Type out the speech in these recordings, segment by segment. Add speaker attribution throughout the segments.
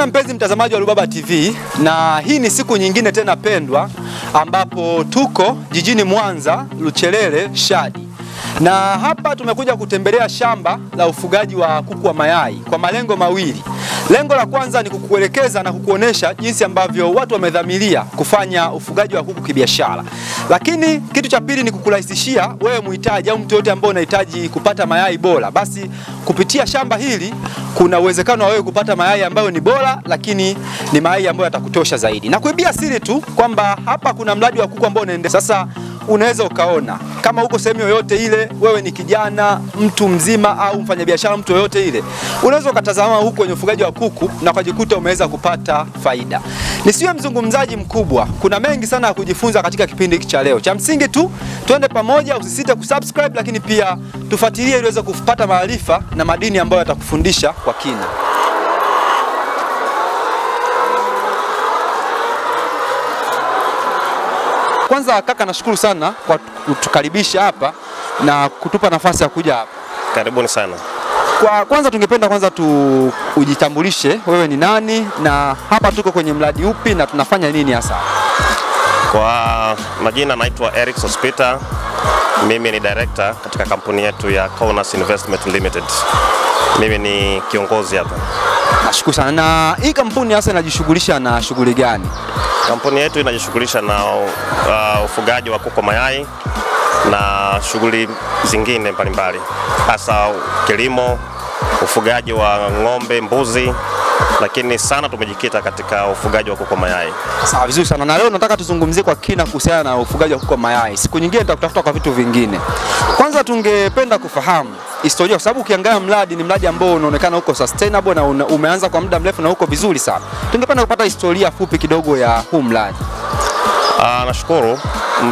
Speaker 1: sana mpenzi mtazamaji wa Rubaba TV, na hii ni siku nyingine tena pendwa, ambapo tuko jijini Mwanza Luchelele Shadi na hapa tumekuja kutembelea shamba la ufugaji wa kuku wa mayai kwa malengo mawili. Lengo la kwanza ni kukuelekeza na kukuonesha jinsi ambavyo watu wamedhamiria kufanya ufugaji wa kuku kibiashara, lakini kitu cha pili ni kukurahisishia wewe muhitaji au mtu yote ambaye unahitaji kupata mayai bora, basi kupitia shamba hili kuna uwezekano wa wewe kupata mayai ambayo ni bora, lakini ni mayai ambayo yatakutosha zaidi. Na kuibia siri tu kwamba hapa kuna mradi wa kuku ambao unaendelea sasa unaweza ukaona kama uko sehemu yoyote ile, wewe ni kijana, mtu mzima au mfanyabiashara, mtu yoyote ile, unaweza ukatazama huko kwenye ufugaji wa kuku na ukajikuta umeweza kupata faida. Nisiwe mzungumzaji mkubwa, kuna mengi sana ya kujifunza katika kipindi hiki cha leo. Cha msingi tu tuende pamoja, usisite kusubscribe, lakini pia tufuatilie ili uweze kupata maarifa na madini ambayo yatakufundisha kwa kina. Kwanza kaka, nashukuru sana kwa kutukaribisha hapa na kutupa nafasi ya
Speaker 2: kuja hapa. Karibuni
Speaker 1: sana. Kwa kwanza tungependa kwanza tu ujitambulishe, wewe ni nani na hapa tuko kwenye mradi upi na tunafanya nini hasa?
Speaker 2: Kwa majina naitwa Eric Sospita, mimi ni director katika kampuni yetu ya Kaunas Investment Limited. Mimi ni kiongozi hapa.
Speaker 1: Nashukuru sana. Na hii kampuni hasa inajishughulisha na
Speaker 2: shughuli gani? Kampuni yetu inajishughulisha na uh, ufugaji wa kuku mayai na shughuli zingine mbalimbali, hasa kilimo, ufugaji wa ng'ombe, mbuzi lakini sana tumejikita katika ufugaji
Speaker 1: wa kuku mayai. Sawa, vizuri sana. Na leo nataka tuzungumzie kwa kina kuhusiana na ufugaji wa kuku mayai. Siku nyingine tutakutafuta kwa vitu vingine. Kwanza tungependa kufahamu historia kwa sababu ukiangalia mradi ni mradi ambao unaonekana uko sustainable na umeanza kwa muda mrefu na uko vizuri sana. Tungependa kupata historia fupi kidogo ya huu mradi.
Speaker 2: Ah, nashukuru.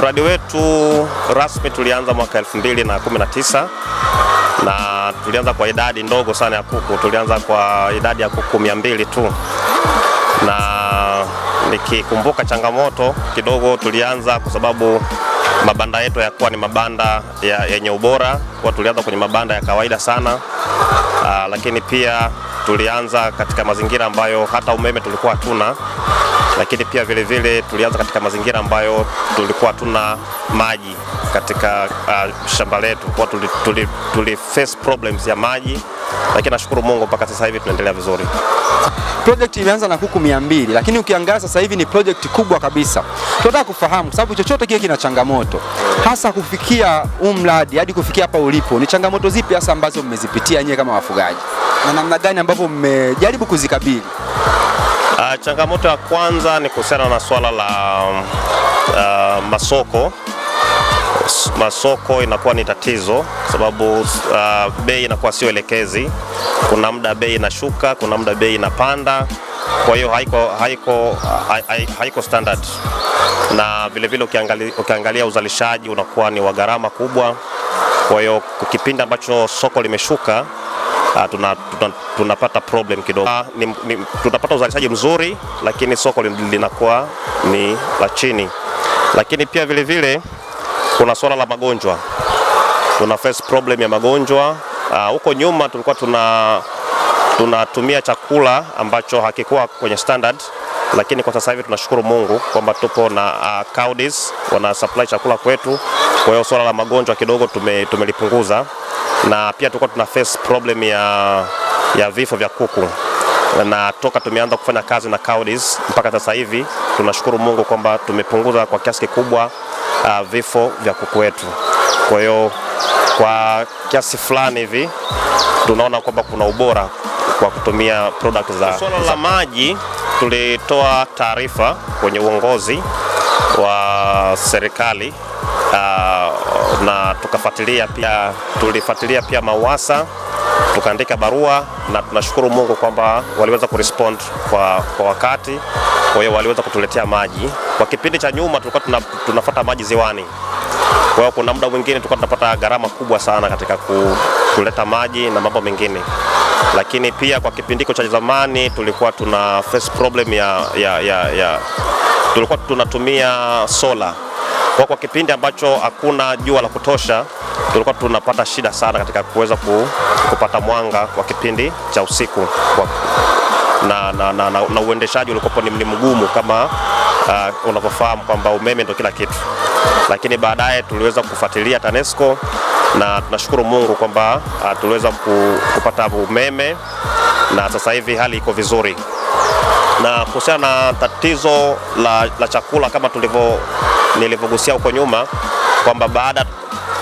Speaker 2: Mradi wetu rasmi tulianza mwaka 2019 na tulianza kwa idadi ndogo sana ya kuku, tulianza kwa idadi ya kuku mia mbili tu, na nikikumbuka changamoto kidogo tulianza kwa sababu mabanda yetu yakuwa ni mabanda yenye ya ubora, kwa tulianza kwenye mabanda ya kawaida sana aa, ah, lakini pia tulianza katika mazingira ambayo hata umeme tulikuwa hatuna lakini pia vilevile vile, tulianza katika mazingira ambayo tulikuwa tuna maji katika uh, shamba letu kwa tuli, tuli, tuli face problems ya maji, lakini nashukuru Mungu mpaka sasa hivi tunaendelea
Speaker 1: vizuri. Project imeanza na kuku 200 lakini ukiangalia sasa hivi ni project kubwa kabisa. Tunataka kufahamu sababu chochote kile kina changamoto, hasa kufikia mradi hadi kufikia hapa ulipo, ni changamoto zipi hasa ambazo mmezipitia nyewe kama wafugaji na namna gani ambavyo mmejaribu kuzikabili?
Speaker 2: Uh, changamoto ya kwanza ni kuhusiana na swala la uh, masoko masoko inakuwa ni tatizo sababu uh, bei inakuwa sio elekezi. Kuna muda bei inashuka, kuna muda bei inapanda, kwa hiyo haiko, haiko, haiko standard, na vilevile ukiangalia, ukiangalia uzalishaji unakuwa ni wa gharama kubwa, kwa hiyo kipindi ambacho soko limeshuka uh, tuna, tuna, tunapata problem kidogo uh, ni, ni, tunapata uzalishaji mzuri, lakini soko linakuwa ni la chini, lakini pia vilevile vile, kuna swala la magonjwa, tuna face problem ya magonjwa ah, huko uh, nyuma tulikuwa tuna tunatumia chakula ambacho hakikuwa kwenye standard, lakini kwa sasa hivi tunashukuru Mungu kwamba tupo na uh, Koudijs wana supply chakula kwetu. Kwa hiyo swala la magonjwa kidogo tume, tumelipunguza na pia tulikuwa tuna face problem ya, ya vifo vya kuku na toka tumeanza kufanya kazi na Cowdees mpaka sasa hivi tunashukuru Mungu kwamba tumepunguza kwa kiasi kikubwa uh, vifo vya kuku wetu. Kwa hiyo kwa kiasi fulani hivi tunaona kwamba kuna ubora kwa kutumia product za swala la maji. Tulitoa taarifa kwenye uongozi wa serikali uh, na tukafuatilia pia, tulifuatilia pia MAUWASA tukaandika barua na tunashukuru Mungu kwamba waliweza kurespond kwa, kwa wakati. Kwa hiyo waliweza kutuletea maji. Kwa kipindi cha nyuma tulikuwa tuna, tunafuata maji ziwani. Kwa hiyo kuna muda mwingine tulikuwa tunapata gharama kubwa sana katika kuleta maji na mambo mengine, lakini pia kwa kipindi cha zamani tulikuwa tuna face problem ya, ya, ya, ya tulikuwa tunatumia sola kwa kwa kipindi ambacho hakuna jua la kutosha, tulikuwa tunapata shida sana katika kuweza kupata mwanga kwa kipindi cha usiku kwa na, na, na, na, na uendeshaji ulikopo ni mgumu kama uh, unavyofahamu kwamba umeme ndio kila kitu, lakini baadaye tuliweza kufuatilia TANESCO na tunashukuru Mungu kwamba uh, tuliweza kupata umeme na sasa hivi hali iko vizuri. Na kuhusiana na tatizo la, la chakula kama tulivyo nilivyogusia huko nyuma kwamba baada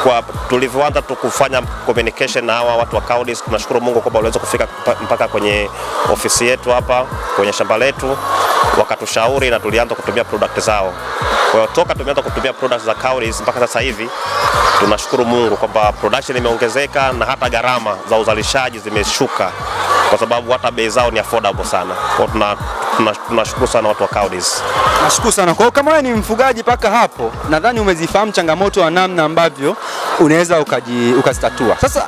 Speaker 2: kwa tulivyoanza tu kufanya communication na hawa watu wa Clouds, tunashukuru Mungu kwamba waliweza kufika mpaka kwenye ofisi yetu hapa kwenye shamba letu, wakatushauri na tulianza kutumia product zao. Kwa hiyo toka tumeanza kutumia product za Clouds mpaka sasa hivi tunashukuru Mungu kwamba production imeongezeka na hata gharama za uzalishaji zimeshuka, kwa sababu hata bei zao ni affordable sana. Kwa tuna tunashukuru sana watu wa
Speaker 1: Clouds. Nashukuru sana. Kwa kama wewe ni mfugaji mpaka hapo, nadhani umezifahamu changamoto wa namna ambavyo unaweza ukastatua. Sasa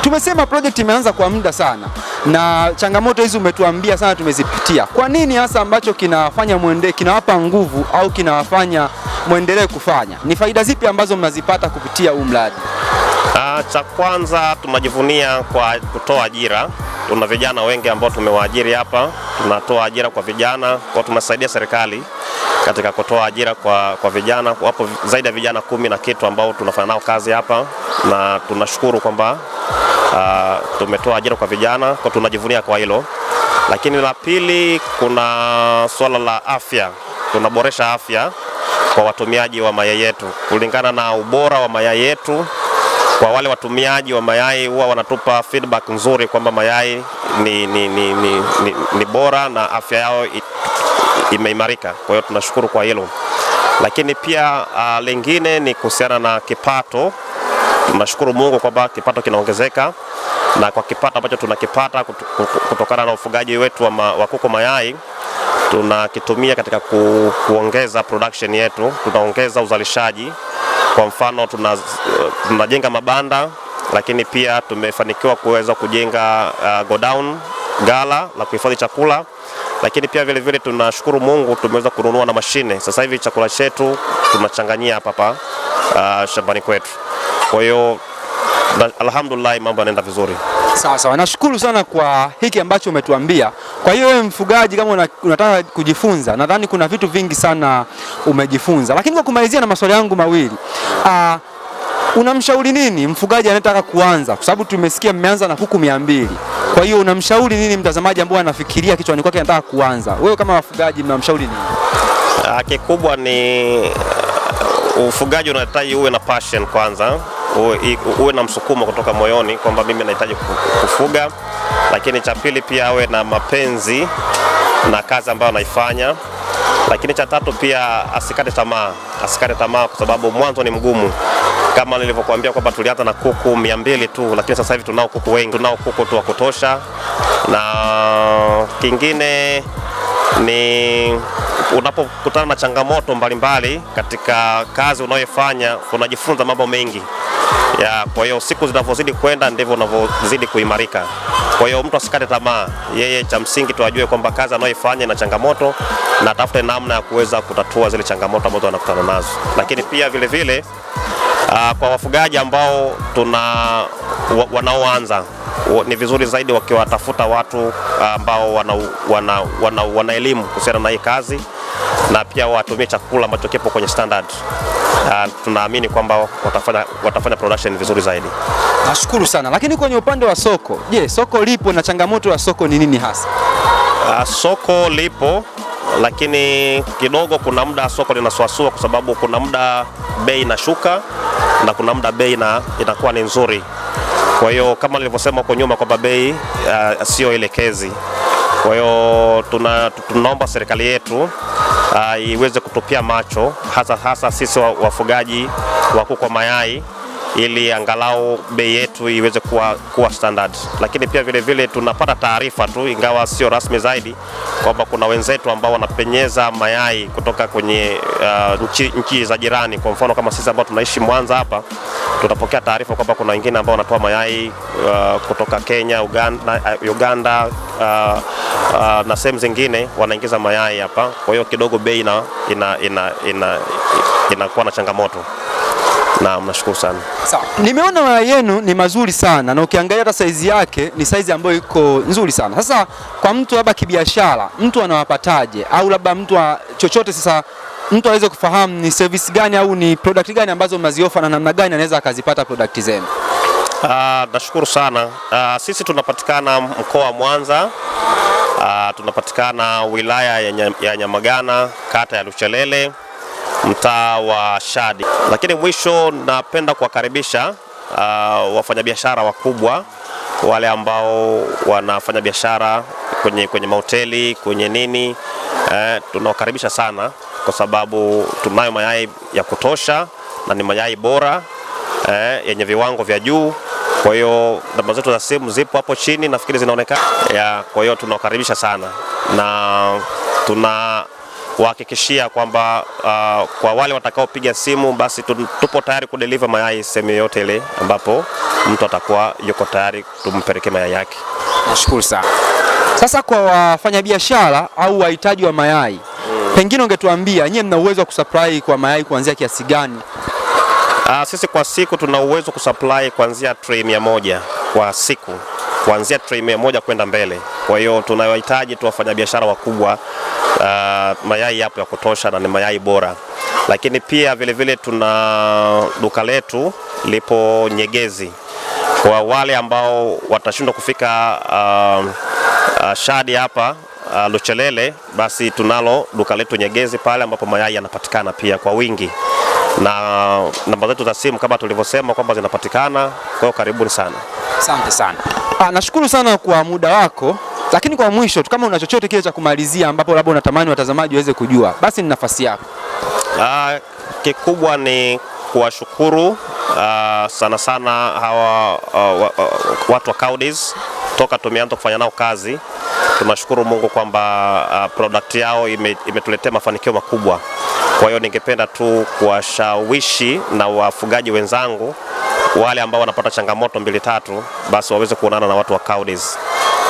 Speaker 1: tumesema project imeanza kwa muda sana na changamoto hizi umetuambia sana, tumezipitia. Kwa nini hasa ambacho kinafanya mwende, kinawapa nguvu au kinawafanya muendelee kufanya? Ni faida zipi ambazo mnazipata kupitia huu mradi?
Speaker 2: Ah, cha kwanza tunajivunia kwa kutoa ajira. Tuna vijana wengi ambao tumewaajiri hapa, tunatoa ajira kwa vijana kwa, tunasaidia serikali katika kutoa ajira kwa, kwa vijana. Wapo zaidi ya vijana kumi na kitu ambao tunafanya nao kazi hapa, na tunashukuru kwamba uh, tumetoa ajira kwa vijana kwa, tunajivunia kwa hilo. Lakini la pili, kuna swala la afya, tunaboresha afya kwa watumiaji wa mayai yetu kulingana na ubora wa mayai yetu kwa wale watumiaji wa mayai huwa wanatupa feedback nzuri kwamba mayai ni, ni, ni, ni, ni, ni bora na afya yao imeimarika. Kwa hiyo tunashukuru kwa hilo, lakini pia uh, lingine ni kuhusiana na kipato. Tunashukuru Mungu kwamba kipato kinaongezeka na kwa kipato ambacho tunakipata kutokana na ufugaji wetu wa, ma, wa kuku mayai tunakitumia katika ku, kuongeza production yetu, tunaongeza uzalishaji kwa mfano tuna, tunajenga mabanda lakini pia tumefanikiwa kuweza kujenga uh, godown gala la kuhifadhi chakula, lakini pia vile vile tunashukuru Mungu tumeweza kununua na mashine. Sasa hivi chakula chetu tunachanganyia hapa hapa uh, shambani kwetu. Kwa hiyo alhamdulillah, mambo yanaenda vizuri.
Speaker 1: Sawa sawa, nashukuru sana kwa hiki ambacho umetuambia. Kwa hiyo wewe mfugaji, kama unataka kujifunza, nadhani kuna vitu vingi sana umejifunza. Lakini kwa kumalizia na maswali yangu mawili uh, unamshauri nini mfugaji anayetaka kuanza, kwa sababu tumesikia mmeanza na kuku mia mbili. Kwa hiyo unamshauri nini mtazamaji ambaye anafikiria kichwani kwake anataka kuanza? Wewe kama wafugaji mnamshauri
Speaker 2: nini? Ah, kikubwa ni uh, ufugaji unahitaji uwe na passion kwanza, uwe, uwe na msukumo kutoka moyoni kwamba mimi nahitaji kufuga lakini cha pili pia awe na mapenzi na kazi ambayo anaifanya, lakini cha tatu pia asikate tamaa, asikate tamaa kwa sababu mwanzo ni mgumu kama nilivyokuambia kwamba tulianza na kuku mia mbili tu, lakini sasa hivi tunao kuku wengi, tunao kuku tu wa kutosha. Na kingine ni unapokutana na changamoto mbalimbali mbali, katika kazi unayofanya unajifunza mambo mengi ya. Kwa hiyo siku zinavyozidi kwenda ndivyo unavyozidi kuimarika. Kwa hiyo mtu asikate tamaa, yeye cha msingi tuajue kwamba kazi anayoifanya ina changamoto na atafute namna ya kuweza kutatua zile changamoto ambazo anakutana nazo. Lakini pia vile vile uh, kwa wafugaji ambao tuna wanaoanza ni vizuri zaidi wakiwatafuta watu ah, ambao wana, wana, wana, wana elimu kuhusiana na hii kazi na pia watumie chakula ambacho kipo kwenye standard uh, tunaamini kwamba watafanya, watafanya production vizuri zaidi.
Speaker 1: Nashukuru sana. Lakini kwenye upande wa soko, je, soko lipo na changamoto ya
Speaker 2: soko ni nini hasa? Uh, soko lipo lakini kidogo kuna muda soko linasuasua kwa sababu kuna muda bei inashuka na kuna muda bei na inakuwa ni nzuri. Kwa hiyo kama nilivyosema huko nyuma kwamba bei uh, sio elekezi. Kwa hiyo tuna, tunaomba serikali yetu uh, iweze kutupia macho hasa hasa sisi wafugaji wa kuku wa mayai ili angalau bei yetu iweze kuwa, kuwa standard, lakini pia vile vile tunapata taarifa tu, ingawa sio rasmi zaidi, kwamba kuna wenzetu ambao wanapenyeza mayai kutoka kwenye uh, nchi, nchi za jirani. Kwa mfano kama sisi ambao tunaishi Mwanza hapa tutapokea taarifa kwamba kuna wengine ambao wanatoa mayai uh, kutoka Kenya, Uganda, uh, Uganda uh, uh, na sehemu zingine wanaingiza mayai hapa, kwa hiyo kidogo bei ina, ina, ina, ina, inakuwa na changamoto. Naam,
Speaker 1: nashukuru sana. Sawa. Nimeona mayai yenu ni mazuri sana na ukiangalia hata saizi yake ni saizi ambayo iko nzuri sana. Sasa kwa mtu labda kibiashara, mtu anawapataje au labda mtu wa chochote sasa mtu aweze kufahamu ni service gani au ni product gani ambazo mnaziofa na namna gani anaweza akazipata
Speaker 2: product zenu. Ah, nashukuru uh, sana uh, sisi tunapatikana mkoa wa Mwanza uh, tunapatikana wilaya ya Nyamagana kata ya Luchelele mtaa wa Shadi, lakini mwisho napenda kuwakaribisha uh, wafanyabiashara wakubwa wale ambao wanafanya biashara kwenye, kwenye mahoteli kwenye nini eh, tunawakaribisha sana kwa sababu tunayo mayai ya kutosha na ni mayai bora eh, yenye viwango vya juu. Kwa hiyo namba zetu za simu zipo hapo chini, nafikiri zinaonekana. Kwa hiyo tunawakaribisha sana na tuna kwamba uh, kwa wale watakaopiga simu basi tupo tayari kudeliver mayai sehemu yoyote ile ambapo mtu atakuwa yuko tayari tumpelekee
Speaker 1: mayai yake. Nashukuru sana. Sasa kwa wafanyabiashara au wahitaji wa mayai Pengine ungetuambia nyie mna uwezo wa kusupply kwa mayai kuanzia
Speaker 2: kiasi gani? Uh, sisi kwa siku tuna uwezo kusupply kuanzia tray moja kwa siku kuanzia tray moja kwenda mbele. Kwa hiyo tunayohitaji tu wafanyabiashara wakubwa, uh, mayai yapo ya kutosha na ni mayai bora, lakini pia vilevile tuna duka letu lipo Nyegezi kwa wale ambao watashindwa kufika uh, uh, Shadi hapa uh, ah, Luchelele, basi tunalo duka letu Nyegezi pale ambapo mayai yanapatikana pia kwa wingi, na namba zetu za simu kama tulivyosema kwamba zinapatikana. Kwa hiyo
Speaker 1: karibuni sana, asante sana. Ah, nashukuru sana kwa muda wako, lakini kwa mwisho tu, kama una chochote kile cha kumalizia ambapo labda unatamani watazamaji waweze kujua, basi ni nafasi
Speaker 2: yako. Ah, kikubwa ni kuwashukuru uh, sana sana hawa uh, watu wa Koudijs toka tumeanza kufanya nao kazi Tunashukuru Mungu kwamba uh, product yao imetuletea ime mafanikio makubwa. Kwa hiyo ningependa tu kuwashawishi na wafugaji wenzangu wale ambao wanapata changamoto mbili tatu, basi waweze kuonana na watu wa Koudijs.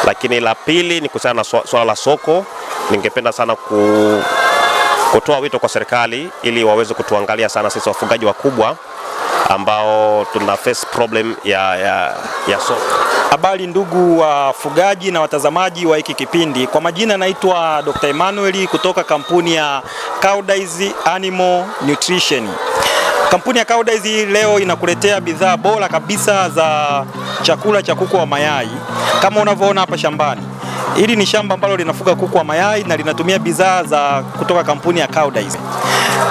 Speaker 2: Lakini la pili ni kuhusiana na swala la soko, ningependa sana ku, kutoa wito kwa serikali ili waweze kutuangalia sana sisi wafugaji wakubwa ambao tuna face problem ya, ya, ya
Speaker 1: soko. Habari ndugu wafugaji na watazamaji wa hiki kipindi, kwa majina naitwa Dr. Emmanuel kutoka kampuni ya Koudijs Animal Nutrition. Kampuni ya Koudijs leo inakuletea bidhaa bora kabisa za chakula cha kuku wa mayai kama unavyoona hapa shambani. Hili ni shamba ambalo linafuga kuku wa mayai na linatumia bidhaa za kutoka kampuni ya Koudijs.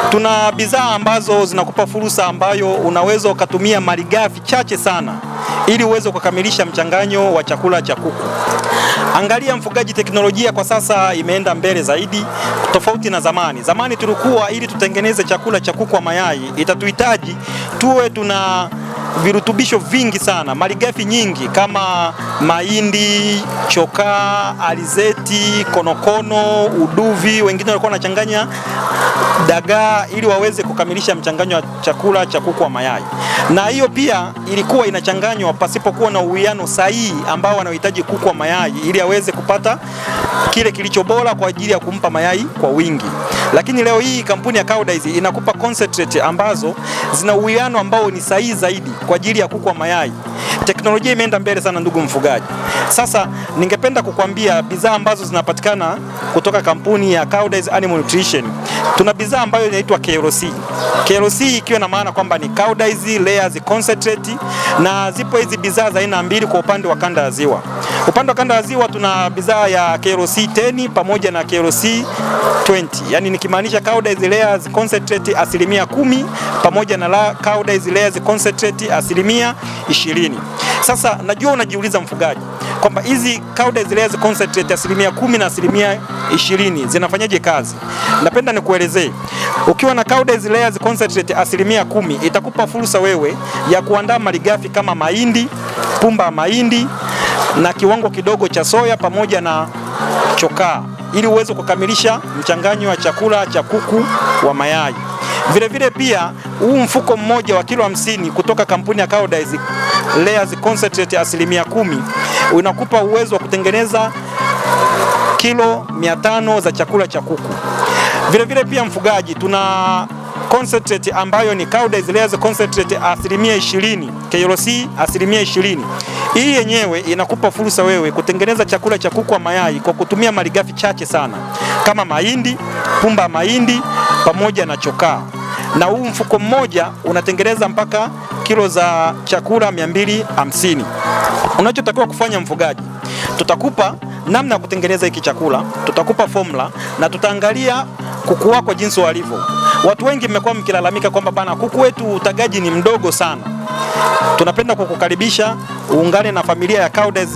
Speaker 1: Tuna bidhaa ambazo zinakupa fursa ambayo unaweza ukatumia malighafi chache sana ili uweze kukamilisha mchanganyo wa chakula cha kuku. Angalia mfugaji, teknolojia kwa sasa imeenda mbele zaidi tofauti na zamani. Zamani tulikuwa ili tutengeneze chakula cha kuku wa mayai itatuhitaji tuwe tuna virutubisho vingi sana, malighafi nyingi kama mahindi, chokaa, alizeti, konokono, uduvi. Wengine walikuwa wanachanganya dagaa ili waweze kukamilisha mchanganyo wa chakula cha kuku wa mayai na hiyo pia ilikuwa inachanganywa pasipokuwa na uwiano sahihi ambao wanahitaji kuku wa mayai ili aweze kupata kile kilicho bora kwa ajili ya kumpa mayai kwa wingi. Lakini leo hii kampuni ya Koudijs inakupa concentrate ambazo zina uwiano ambao ni sahihi zaidi kwa ajili ya kuku wa mayai. Teknolojia imeenda mbele sana, ndugu mfugaji. Sasa ningependa kukwambia bidhaa ambazo zinapatikana kutoka kampuni ya Koudijs Animal Nutrition. Tuna bidhaa ambayo inaitwa KLC. KLC ikiwa na maana kwamba ni Koudijs zi concentrate na zipo hizi bidhaa za aina mbili kwa upande wa kanda ya Ziwa. Upande wa kanda ya ziwa tuna bidhaa ya KLC 10 pamoja na KLC 20, yaani nikimaanisha Cowdice layers concentrate asilimia kumi pamoja na la Cowdice layers concentrate asilimia ishirini. Sasa najua unajiuliza mfugaji kwamba hizi Cowdice layers concentrate asilimia kumi na asilimia ishirini zinafanyaje kazi? Napenda nikuelezee. Ukiwa na Cowdice layers concentrate asilimia kumi itakupa fursa wewe ya kuandaa malighafi kama mahindi, pumba ya mahindi na kiwango kidogo cha soya pamoja na chokaa ili uweze kukamilisha mchanganyo wa chakula cha kuku wa mayai. Vilevile pia huu mfuko mmoja wa kilo hamsini kutoka kampuni ya Koudijs Layers Concentrate asilimia kumi unakupa uwezo wa kutengeneza kilo 500 za chakula cha kuku. Vilevile pia mfugaji, tuna concentrate ambayo ni Cauda's Layers concentrate asilimia ishirini, KLC asilimia Hii yenyewe inakupa fursa wewe kutengeneza chakula cha kuku wa mayai kwa kutumia malighafi chache sana kama mahindi, pumba ya mahindi pamoja na chokaa, na huu mfuko mmoja unatengeneza mpaka kilo za chakula 250. Unachotakiwa kufanya mfugaji, tutakupa namna ya kutengeneza hiki chakula, tutakupa formula na tutaangalia kuku wako jinsi walivyo Watu wengi mmekuwa mkilalamika kwamba bana, kuku wetu utagaji ni mdogo sana. Tunapenda kukukaribisha uungane na familia ya Kouders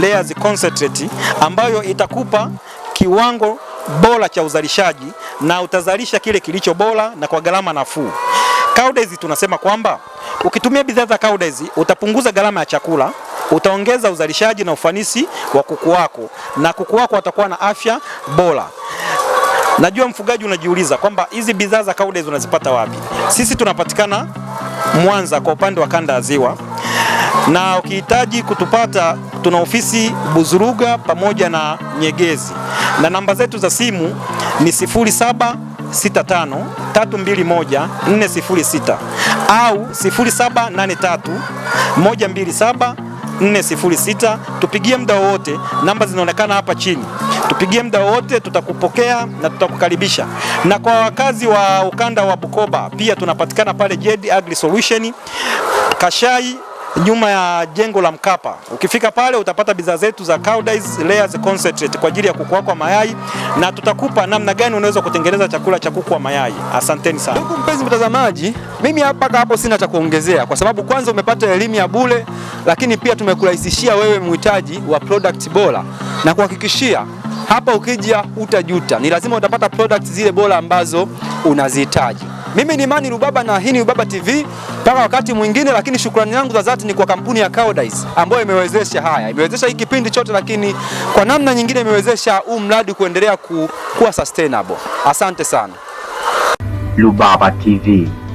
Speaker 1: Layers Concentrate ambayo itakupa kiwango bora cha uzalishaji na utazalisha kile kilicho bora na kwa gharama nafuu. Kouders tunasema kwamba ukitumia bidhaa za Kouders utapunguza gharama ya chakula, utaongeza uzalishaji na ufanisi wa kuku wako na kuku wako watakuwa na afya bora. Najua mfugaji unajiuliza kwamba hizi bidhaa za Kouders unazipata wapi? Sisi tunapatikana Mwanza kwa upande wa kanda ya Ziwa, na ukihitaji kutupata tuna ofisi Buzuruga pamoja na Nyegezi, na namba zetu za simu ni 0765 321 au 0783 127 406. Tupigie muda wowote, namba zinaonekana hapa chini tupigie muda wowote, tutakupokea na tutakukaribisha. Na kwa wakazi wa ukanda wa Bukoba pia tunapatikana pale Jedi Agri Solution Kashai nyuma ya jengo la Mkapa. Ukifika pale utapata bidhaa zetu za Cowdice Layers Concentrate kwa ajili ya kuku wako wa mayai, na tutakupa namna gani unaweza kutengeneza chakula cha kuku wa mayai. Asanteni sana ndugu mpenzi mtazamaji, mimi hapa hapo sina cha kuongezea, kwa sababu kwanza umepata elimu ya bure, lakini pia tumekurahisishia wewe mhitaji wa product bora na kuhakikishia hapa ukija utajuta, ni lazima utapata products zile bora ambazo unazihitaji. Mimi ni Mani Rubaba na hii ni Rubaba TV mpaka wakati mwingine, lakini shukrani yangu za dhati ni kwa kampuni ya Koudijs ambayo imewezesha haya, imewezesha hii kipindi chote, lakini kwa namna nyingine imewezesha huu mradi kuendelea ku, kuwa sustainable. Asante sana. Rubaba TV.